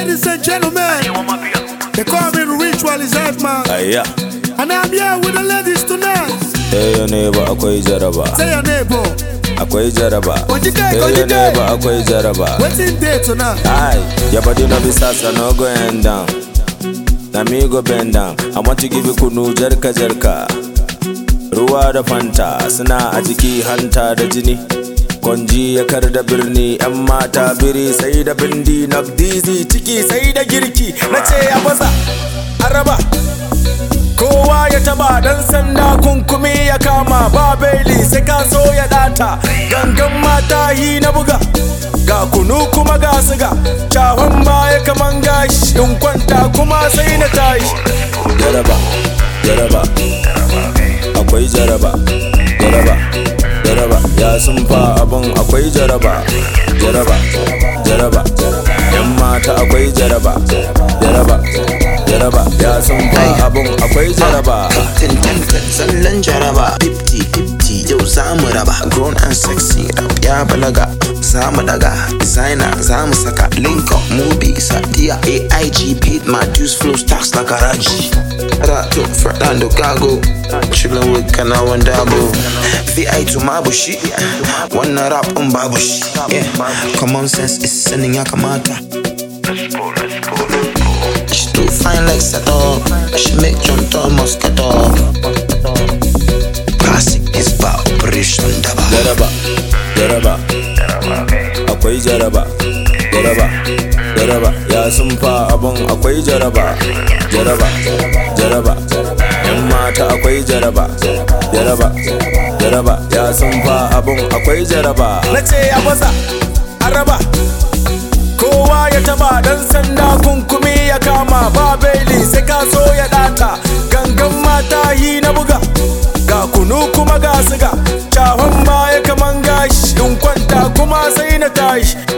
Ladies and gentlemen, the common ritual is that man. Aya. And I'm here with the ladies tonight. Hey, your neighbor, akwai jaraba. Say jaraba. Hey, your neighbor, akwai kunu jarka jarka. Ruwa da fanta suna a jiki hanta da jini. kwanji ya kar da birni yan mata biri sai da bindi na dizi ciki sai da girki na ce a baza araba kowa ya taba dan sanda kunkumi ya kama ba beli sai ka so ya data gangan mata yi na buga ga kunu kuma ga siga cahon baya kaman gashi in kwanta kuma sai na tashi jaraba jaraba akwai jaraba jaraba jaraba ya sun fa abun akwai jaraba jaraba jaraba yan mata akwai jaraba jaraba jaraba ya sun fa abun akwai jaraba sallan ah, ah, jaraba 50 50 yau za mu raba grown and sexy ya balaga za mu daga designer za saka link up movie sadiya aig paid my juice flow stacks like a araji rato fernando gago chillin with kanawan dabo vi to mabushi wannan rap on babu shi yeah. common sense is sending ya kamata let's go let's go let's go she too fine like Sato. She make John Thomas get off. Classic is by Operation Daba. Daba. Daba. Daba. akwai jaraba jaraba jaraba ya sun fa abun akwai jaraba jaraba jaraba yan mata akwai jaraba jaraba jaraba ya sun fa abun akwai jaraba na ce ya baza araba kowa ya taba dan sanda kunkumi ya kama ba beli sai ka so ya data gangan mata yi na buga ga kunu kuma ga siga sanitize